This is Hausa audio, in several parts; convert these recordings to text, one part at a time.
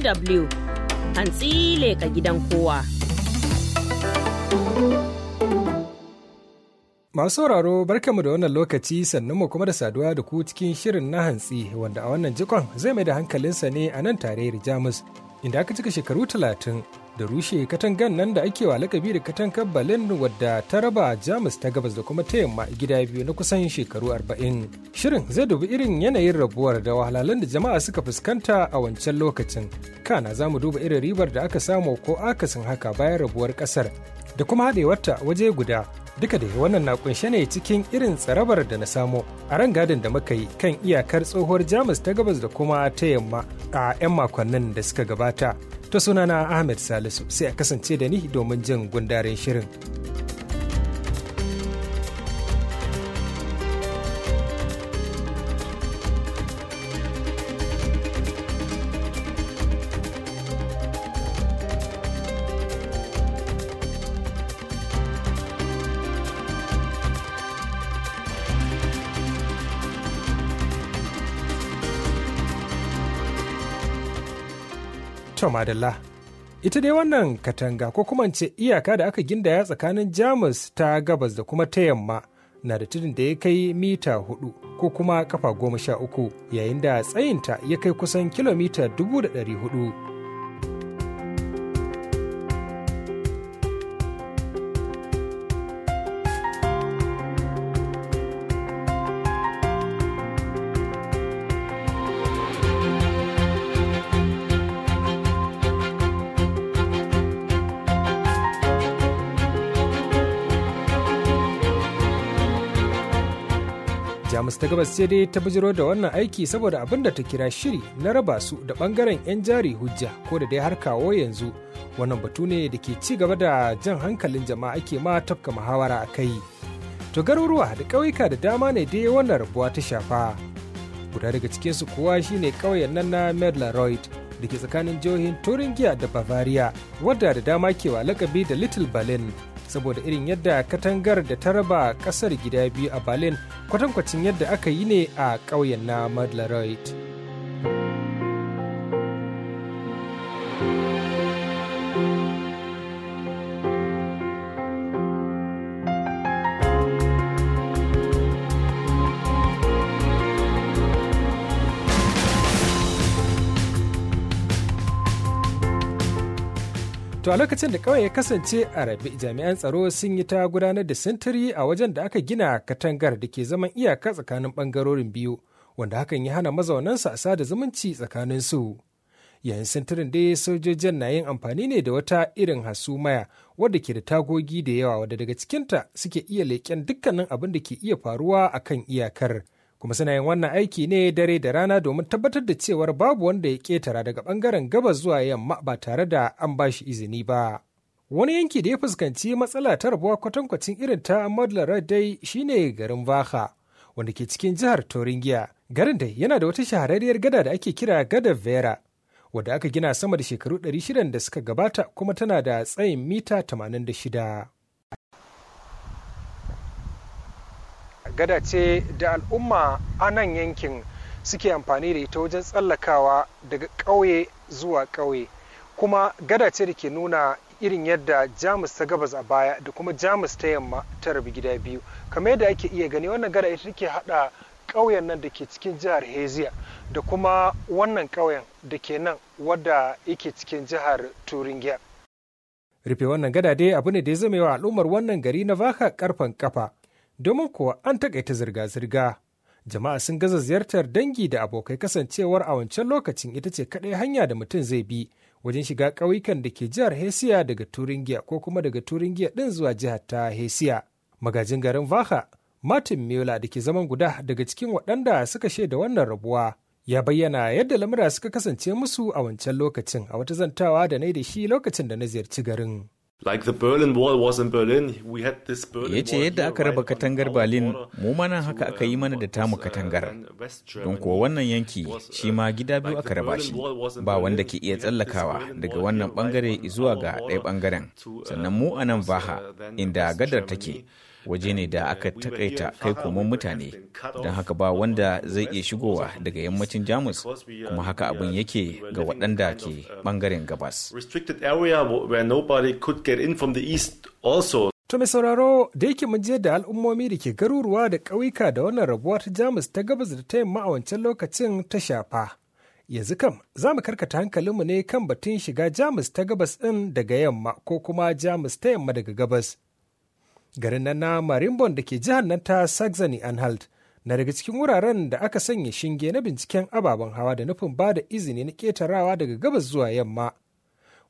DW hantsi leka gidan kowa. Masu sauraro barkanmu da wannan lokaci sannan mu kuma da saduwa da ku cikin shirin na hantsi wanda a wannan jikon zai mai da hankalinsa ne a nan tare da Jamus inda aka cika shekaru talatin da rushe katangan nan da ake wa lakabi da katangar berlin wadda ta raba jamus ta gabas da kuma ta yamma gida biyu na kusan shekaru 40 shirin zai dubi irin yanayin rabuwar da wahalhalun da jama'a suka fuskanta a wancan lokacin kana za mu duba irin ribar da aka samu ko akasin haka bayan rabuwar kasar da kuma haɗewarta waje guda duka da wannan na kunshe ne cikin irin tsarabar da na samo a ran gadin da muka yi kan iyakar tsohuwar jamus ta gabas da kuma ta yamma a 'yan makonnin da suka gabata ta sunana Ahmed Salisu sai a kasance da ni domin jin gundarin shirin. To madalla, ita dai wannan katanga ko kuma ce iyaka da aka gindaya tsakanin Jamus ta gabas da kuma ta yamma na da tudun da ya kai mita hudu ko kuma kafa goma sha uku yayin da tsayinta ya kai kusan kilomita dubu da ɗari hudu. jamus ta gabas sai dai ta bijiro da wannan aiki saboda abin da ta kira shiri na raba su da bangaren 'yan jari hujja ko da dai har kawo yanzu wannan batu ne da ke ci gaba da jan hankalin jama'a ake ma tafka muhawara a kai to garuruwa da ƙauyuka da dama ne dai wannan rabuwa ta shafa guda daga cikin cikinsu kuwa shine ƙauyen nan na medlaroid da ke tsakanin jihohin turingiya da bavaria wadda da dama ke wa lakabi da little berlin saboda irin yadda katangar da ta raba kasar gida biyu a berlin kwatankwacin yadda aka yi ne a ƙauyen na madlaroit To a lokacin da kawai ya kasance a rabe jami'an tsaro sun yi ta gudanar da sintiri a wajen da aka gina katangar da ke zaman iyaka tsakanin ɓangarorin biyu wanda hakan ya hana mazaunansa a sada zumunci tsakanin su. Yayin sintirin dai sojojin na yin amfani ne da wata irin hasumaya wadda ke da tagogi da yawa wadda daga cikinta suke iya leƙen dukkanin abin da ke iya faruwa a kan iyakar. kuma suna yin wannan aiki ne dare da rana domin tabbatar da cewar babu wanda ya ketara daga bangaren gabas zuwa yamma ba tare da an ba shi izini ba. Wani yanki da ya fuskanci matsala ta rabuwa kwatankwacin irin ta Madlara dai shine garin Vaha, wanda ke cikin jihar toringiya Garin dai yana da wata shahararriyar gada da ake kira Gada Vera, wadda aka gina sama da shekaru 600 da suka gabata kuma tana da tsayin mita 86. gada ce da al'umma a nan yankin suke amfani da ita wajen tsallakawa daga ƙauye zuwa ƙauye kuma gada ce da ke nuna irin yadda jamus ta gabas a baya da kuma jamus ta yamma ta rabu gida biyu kamar yadda ake iya gani wannan gada ita take hada ƙauyen nan da ke cikin jihar heziya da kuma wannan ƙauyen da ke nan wadda yake cikin jihar turingiya rufe wannan gada dai abu ne da ya zama wa al'ummar wannan gari na vaka karfan kafa domin kuwa an takaita zirga-zirga. Jama'a sun gaza ziyartar dangi da abokai kasancewar a wancan lokacin ita ce kaɗai hanya da mutum zai bi wajen shiga ƙauyukan da ke jihar Hesiya daga Turingiya ko kuma daga Turingiya ɗin zuwa jihar ta Hesiya. Magajin garin Vaha, Martin Miola da ke zaman guda daga cikin waɗanda suka shaida wannan rabuwa. ya bayyana yadda lamura suka kasance musu a wancan lokacin a wata zantawa da na da shi lokacin da na ziyarci garin. berlin berlin in we had Wall. Yace yadda aka raba katangar berlin mu mana haka aka uh, yi mana da tamu uh, katangar don kuwa wannan yanki uh, shi ma gida biyu aka raba shi ba wanda ke iya tsallakawa daga wannan bangare zuwa ga ɗaya bangaren sannan mu a nan baha inda gadar take waje ne da aka takaita kai komon mutane don haka ba wanda zai iya shigowa daga yammacin jamus kuma haka abin yake ga waɗanda ke ɓangaren gabas To mai sauraro da yake mun da al'ummomi da ke garuruwa da ƙauyuka da wannan rabuwa ta Jamus ta gabas da ta yamma a wancan lokacin ta shafa. Yanzu kam za mu karkata hankalinmu ne kan batun shiga Jamus ta gabas ɗin daga yamma ko kuma Jamus ta yamma daga gabas. garin nan na marimbon da ke jihar nan ta saxony anhalt na daga cikin wuraren da aka sanya shinge na binciken ababen hawa da nufin ba da izini na ketarawa daga gabas zuwa yamma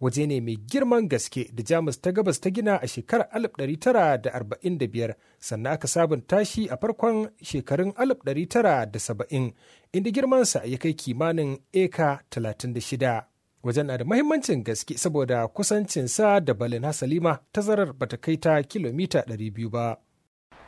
waje ne mai girman gaske da jamus ta gabas ta gina a shekarar 1945 sannan aka sabunta shi a farkon shekarun 1970 inda girmansa ya kai kimanin eka 36 wajen na da mahimmancin gaske saboda kusancinsa da balin hasalima tazarar bata kai ta kilomita 200 ba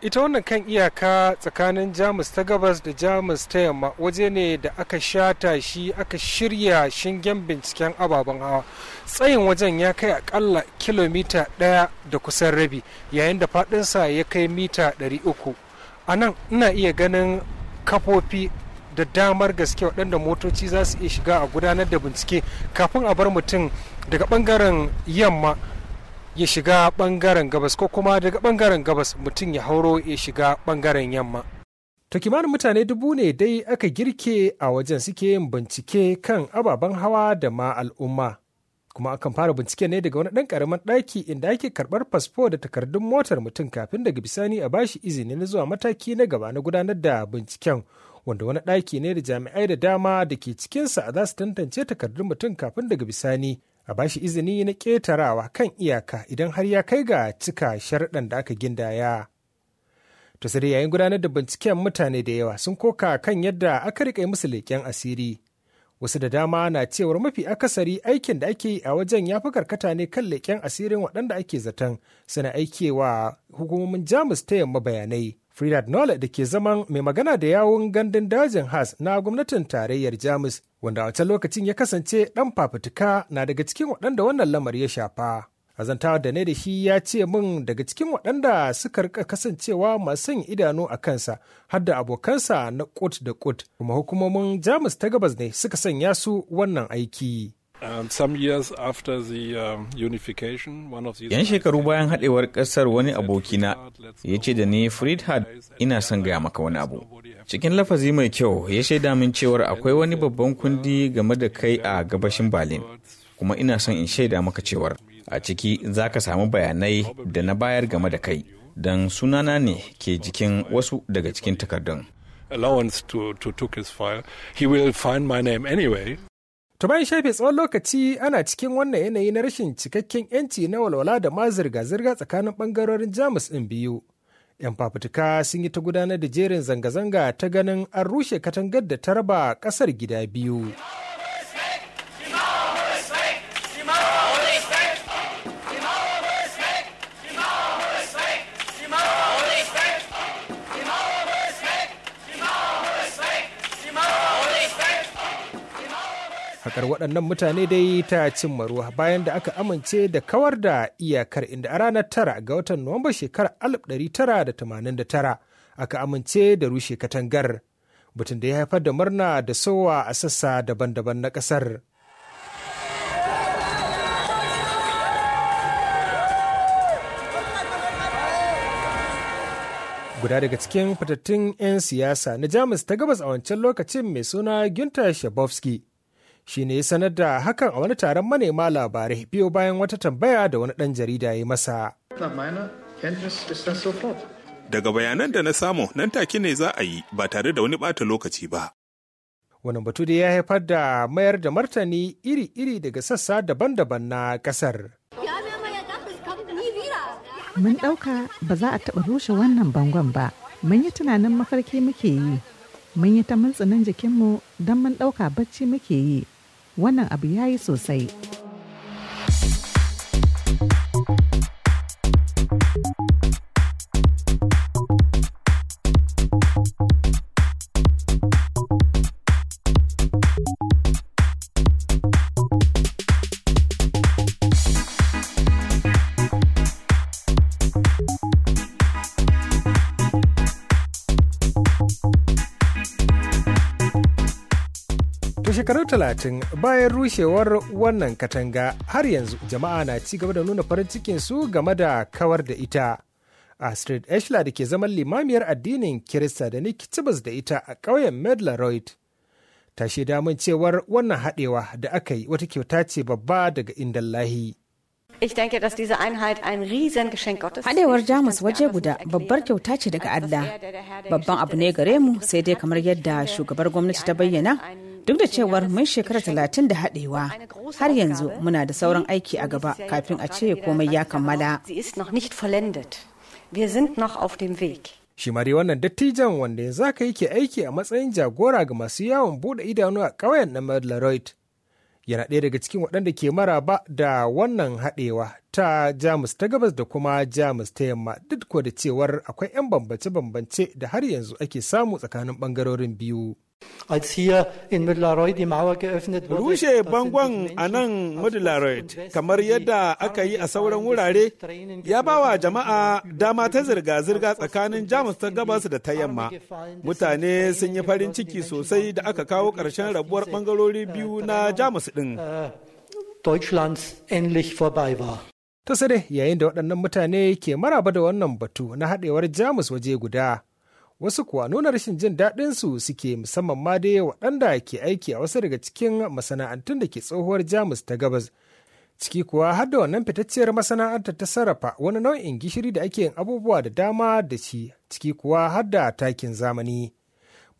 ita wannan kan iyaka tsakanin jamus ta gabas da jamus ta yamma waje ne da aka shata shi aka shirya shingen binciken ababen hawa tsayin wajen ya kai akalla kilomita ɗaya da kusan rabi yayin da faɗinsa ya kai mita 300 a nan ina iya ganin kafofi da damar gaske waɗanda motoci za su iya shiga a gudanar da bincike kafin a bar mutum daga ɓangaren yamma ya shiga ɓangaren gabas ko kuma daga ɓangaren gabas mutum ya hauro ya shiga ɓangaren yamma. To kimanin mutane dubu ne dai aka girke a wajen suke yin bincike kan ababen hawa da ma al'umma. Kuma akan fara bincike ne daga wani ɗan ƙaramin ɗaki inda ake karɓar fasfo da takardun motar mutum kafin daga bisani a bashi izini na zuwa mataki na gaba na gudanar da binciken wanda wani ɗaki ne da jami'ai da dama da ke cikinsa za su tantance takardun mutum kafin daga bisani a bashi izini na ƙetarawa kan iyaka idan har ya kai ga cika sharɗan da aka gindaya. To sai yayin gudanar da binciken mutane da yawa sun koka kan yadda aka riƙe musu leƙen asiri. Wasu da dama na cewar mafi akasari aikin da ake yi a wajen ya fi karkata ne kan leƙen asirin waɗanda ake zaton suna aike wa hukumomin Jamus ta yamma bayanai. Fridat Nolle da ke zaman mai magana da yawun gandun dajin Has na gwamnatin tarayyar Jamus, wanda a lokacin ya kasance ɗan fafutuka na daga cikin waɗanda wannan lamari ya shafa. Azantawa da ne da shi ya ce min daga cikin waɗanda suka rika kasancewa masu sanya idanu a kansa har da abokansa na kut da kut kuma hukumomin Jamus ta gabas ne suka sanya su wannan aiki. Um, um, Yan shekaru bayan haɗewar ƙasar wani abokina ya ce da ni Friedhard ina son gaya maka wani abu. Cikin lafazi mai kyau ya shaida min cewar akwai wani babban kundi game da kai a gabashin Berlin, kuma ina son in shaida maka cewar a ciki za ka samu bayanai da na bayar game da kai, don sunana ne ke jikin wasu daga cikin takardun. Allowance to, to took his file. He will find my name anyway. To bayan shafe tsawon lokaci ana cikin wannan yanayi na rashin cikakken 'yanci na walwala da ma zirga-zirga tsakanin ɓangarorin Jamus ɗin biyu. 'Yan fafutuka sun yi ta gudanar da jerin zanga-zanga ta ganin an rushe katangar da ta raba ƙasar gida biyu. wakar waɗannan mutane dai ta cimma ruwa bayan da aka amince da kawar da iyakar inda a ranar tara ga watan Nuwamba shekarar 1989 aka amince da rushe katangar. Batun da ya haifar da murna da sowa a sassa daban-daban na ƙasar. guda daga cikin fitattun 'yan siyasa na jamus ta gabas a wancan lokacin mai suna ginta shabovski. shi ne ya sanar da hakan a wani taron manema labarai biyo bayan wata tambaya da wani ɗan jarida ya masa. Daga bayanan da na samu nan take ne za a yi ba tare da wani ɓata lokaci ba. Wani batu da ya haifar da mayar da martani iri-iri daga sassa daban-daban na ƙasar. Mun ɗauka ba za a taɓa rushe wannan bangon ba, mun yi tunanin mafarki muke yi, mun yi ta muntsinin jikinmu don mun ɗauka bacci muke yi wannan abu ya yi sosai talatin bayan rushewar wannan katanga har yanzu jama'a na ci gaba da nuna farin cikinsu game da kawar da ita. Astrid Eshla da ke zaman limamiyar addinin Kirista da Nick Tibbs da ita a ƙauyen Medlaroid. Ta shaida damun cewar wannan haɗewa da aka yi wata kyauta ce babba daga Indallahi. Ich Hadewar Jamus waje guda babbar kyauta ce daga Allah. Babban abu ne gare mu sai dai kamar yadda shugabar gwamnati ta bayyana duk da cewar mun shekara talatin da haɗewa har yanzu muna da sauran aiki a gaba kafin a ce komai ya kammala shi mari wannan dattijan wanda yanzu aka yake aiki a matsayin jagora ga masu yawon bude idanu a ƙauyen na madlaroid yana ɗaya daga cikin waɗanda ke maraba da wannan haɗewa ta jamus ta gabas da kuma jamus ta yamma duk da cewar akwai 'yan bambance-bambance da har yanzu ake samu tsakanin ɓangarorin biyu. Rushe bangon a nan Middleroyd kamar yadda aka yi a sauran wurare ya ba wa jama'a dama ta zirga-zirga tsakanin Jamus ta gabas da ta yamma. Mutane sun yi farin ciki sosai da aka kawo ƙarshen rabuwar ɓangarori biyu na Jamus ɗin. Ta endlich yayin da waɗannan mutane ke maraba da wannan batu na haɗewar Jamus waje guda. wasu kuwa nuna rashin jin daɗin su suke musamman ma dai waɗanda ke aiki a wasu daga cikin masana'antun da ke tsohuwar jamus ta gabas ciki kuwa har da wannan fitacciyar masana'antar ta sarrafa wani nau'in gishiri da ake yin abubuwa da dama da shi ciki kuwa har da takin zamani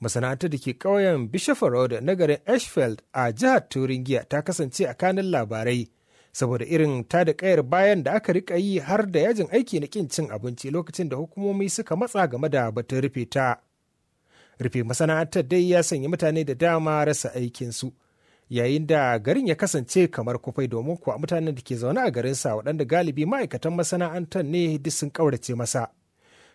masana'antar da ke ƙauyen bishop road na garin ashfield a jihar turingiya ta kasance a kanin labarai saboda irin ta da kayar bayan da aka rika yi har da yajin aiki na kin cin abinci lokacin da hukumomi suka matsa game da batun rufe ta rufe masana'antar dai ya sanya mutane da dama rasa aikinsu yayin da garin ya kasance kamar kufai domin kuwa mutanen da ke zaune a garin sa waɗanda galibi ma'aikatan masana'antar ne duk sun ƙaurace masa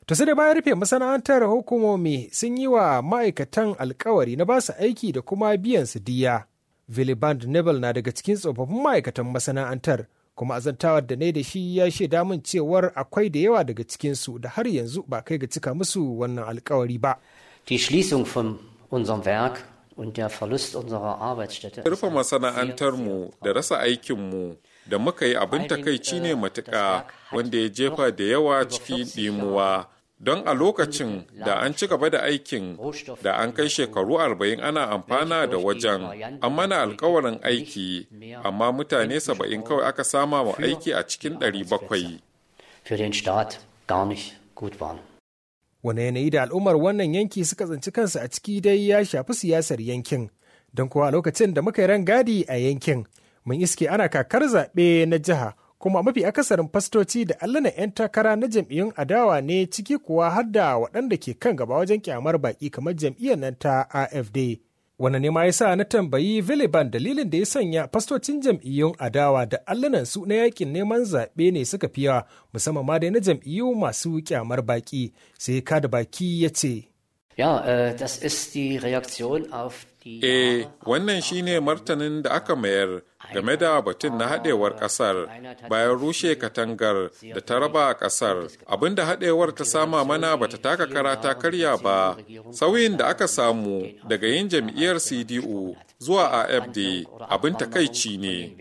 to sai da bayan rufe masana'antar hukumomi sun yi wa ma'aikatan alkawari na basu aiki da kuma biyan su diya Viliband Nebel na daga cikin tsofaffin ma'aikatan masana'antar kuma azantawar da ne da shi ya shaida min cewar akwai da yawa daga cikinsu da har yanzu ba kai ga cika musu wannan alkawari ba. Die Schließung von unserem Werk und der Verlust unserer Arbeitsstätte. Rufe masana'antarmu da rasa aikinmu da muka yi abin takaici ne matuƙa wanda ya jefa da yawa cikin ɗimuwa don a lokacin da an ci gaba da aikin da an kai shekaru arba'in ana amfana da wajen an mana alkawarin aiki amma mutane saba'in kawai aka sama wa aiki a cikin ɗari bakwai. Wane yanayi da al'ummar wannan yanki suka tsinci kansu a ciki dai ya shafi siyasar yankin, don kuwa lokacin da muka yi rangadi a yankin, mun iske ana kakar zaɓe na jiha kuma mafi akasarin fastoci da allana 'yan takara na jam'iyyun adawa ne ciki kuwa har da waɗanda ke kan gaba wajen kyamar baƙi kamar jam'iyyar nan ta afd wani ne ma ya sa na tambayi Viliban dalilin da ya sanya fastocin jam'iyyun adawa da allanan su na yakin neman zaɓe ne suka fiya musamman ma dai na jam'iyyu masu kyamar baƙi sai ka da baki ya ce Äh, eh, wannan shine martanin da aka mayar game da batun na haɗewar ƙasar bayan rushe katangar da ta raba ƙasar abinda haɗewar ta sama mana bata taka kara ta karya ba sauyin da aka samu daga yin jam'iyyar cdu zuwa afd abin takaici ne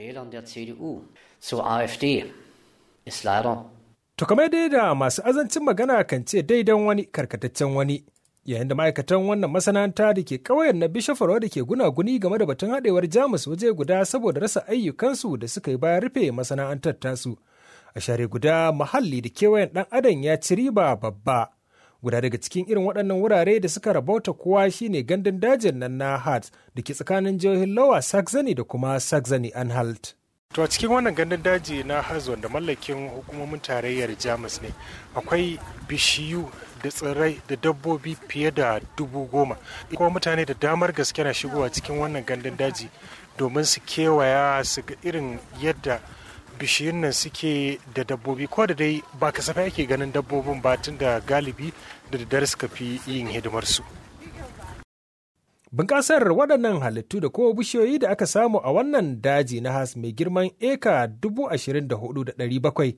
to kamar dai da masu azancin magana kan ce daidan wani karkataccen wani yayin da ma'aikatan wannan masana'anta da ke ƙauyen na bishofarwa da ke gunaguni game da batun haɗewar jamus waje guda saboda rasa ayyukansu da suka yi bayan rufe masana'antar tasu a share guda muhalli da kewayen ɗan adam ya ci riba babba guda daga cikin irin waɗannan wurare da suka rabauta kowa shine gandun dajin nan na hart da ke tsakanin jihohin lowa saxony da kuma saxony anhalt to a cikin wannan gandun daji na hart da mallakin hukumomin tarayyar jamus ne akwai bishiyu da tsirrai da dabbobi fiye da dubu goma kuma mutane da damar gaske na shigowa cikin wannan gandun daji domin su kewaya su ga irin yadda bishiyun nan suke da dabbobi ko da dai ba kasafai ake ganin dabbobin ba tun da galibi da daddare suka fi yin hidimarsu. Bunƙasar waɗannan halittu da kuma bishiyoyi da aka samu a wannan daji na has mai girman eka 24,700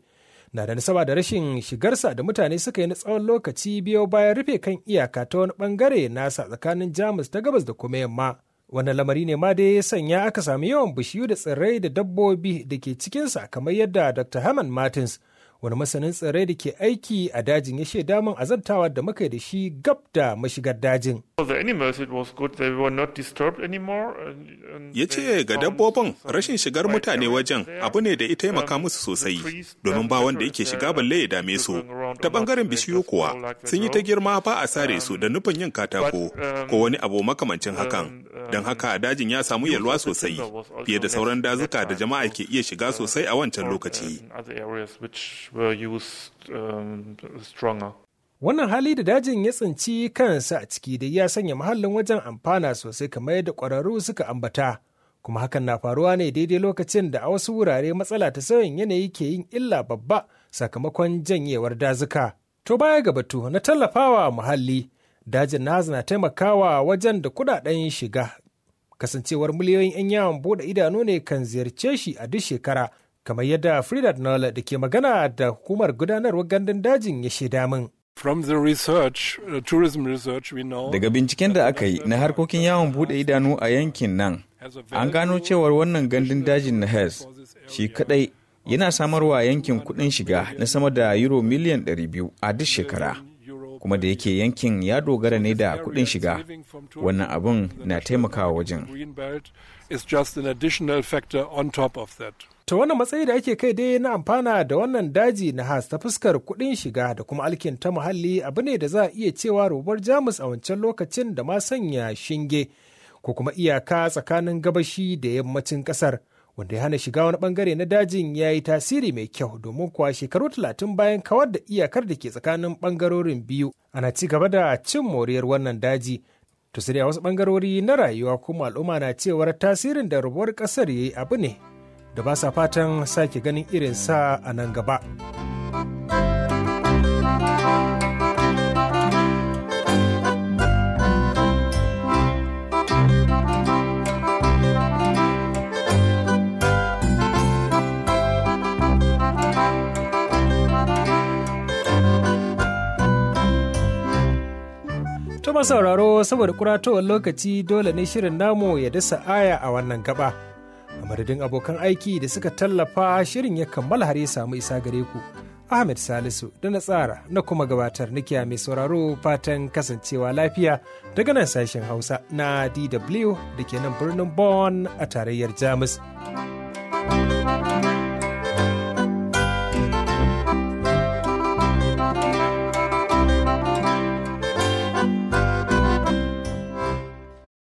na da nasaba da rashin shigarsa da mutane suka yi na tsawon lokaci biyo bayan rufe kan iyaka ta wani bangare nasa tsakanin jamus ta gabas da kuma yamma wannan lamari ne ma dai ya sanya aka sami yawan bishiyu da tsirrai da dabbobi da ke cikinsa kamar yadda dr Herman martins wani masanin tsare da ke aiki a dajin ya shaida min azantawa da muka da shi gab da mashigar dajin. Ya ce ga dabbobin rashin shigar mutane wajen abu ne da ya taimaka um, musu sosai domin ba wanda yake shiga balle ya dame su. Ta bangaren bishiyu kuwa sun yi ta girma ba a sare su um, da nufin yin katako um, ko wani abu makamancin hakan. Don haka dajin ya samu yalwa sosai fiye da sauran dazuka da jama'a ke iya shiga sosai a wancan lokaci. were used um, stronger. Wannan hali da dajin ya tsinci kansa a ciki da ya sanya muhallin wajen amfana sosai kamar yadda kwararru suka ambata, kuma hakan na faruwa ne daidai lokacin da a wasu wurare matsala ta sauyin yanayi ke yin illa babba sakamakon janyewar dazuka. To baya ga batu na tallafawa muhalli, dajin Naz na taimakawa wajen da kudaden shiga. Kasancewar miliyoyin 'yan yawon bude idanu ne kan ziyarce shi a duk shekara kamar yadda Frida Nola da ke magana da hukumar gudanarwar gandun dajin ya shaida min. Uh, Daga binciken da aka yi na harkokin yawon bude idanu a yankin nan, an gano cewar wannan gandun dajin na Hess shi kadai yana samarwa yankin kudin shiga na sama da euro miliyan 200 a duk shekara. kuma da yake yankin ya dogara ne da kuɗin shiga wannan abun na taimakawa wajen ta wannan matsayi da ake kai dai na amfana da wannan daji na has ta fuskar kuɗin shiga da kuma alkin ta muhalli abu ne da za a iya cewa robar jamus a wancan lokacin da ma sanya shinge ko kuma iyaka tsakanin gabashi da yammacin ƙasar wanda ya hana shiga wani bangare na dajin ya yi tasiri mai kyau domin kuwa shekaru talatin bayan kawar da iyakar da ke tsakanin bangarorin biyu ana ci gaba da cin moriyar wannan daji to sai a wasu bangarori na rayuwa kuma al'umma na cewar tasirin da rubuwar kasar ya yi abu ne da ba sa fatan sake ganin irin sa a nan gaba. ma sauraro saboda kuratowar lokaci dole ne shirin namu ya dasa aya a wannan gaba. A madadin abokan aiki da suka tallafa shirin ya kammala har ya samu isa gare ku. Ahmed Salisu da na tsara na kuma gabatar nikiya mai sauraro fatan kasancewa lafiya daga nan sashen Hausa na DW da ke nan birnin Bonn a tarayyar Jamus.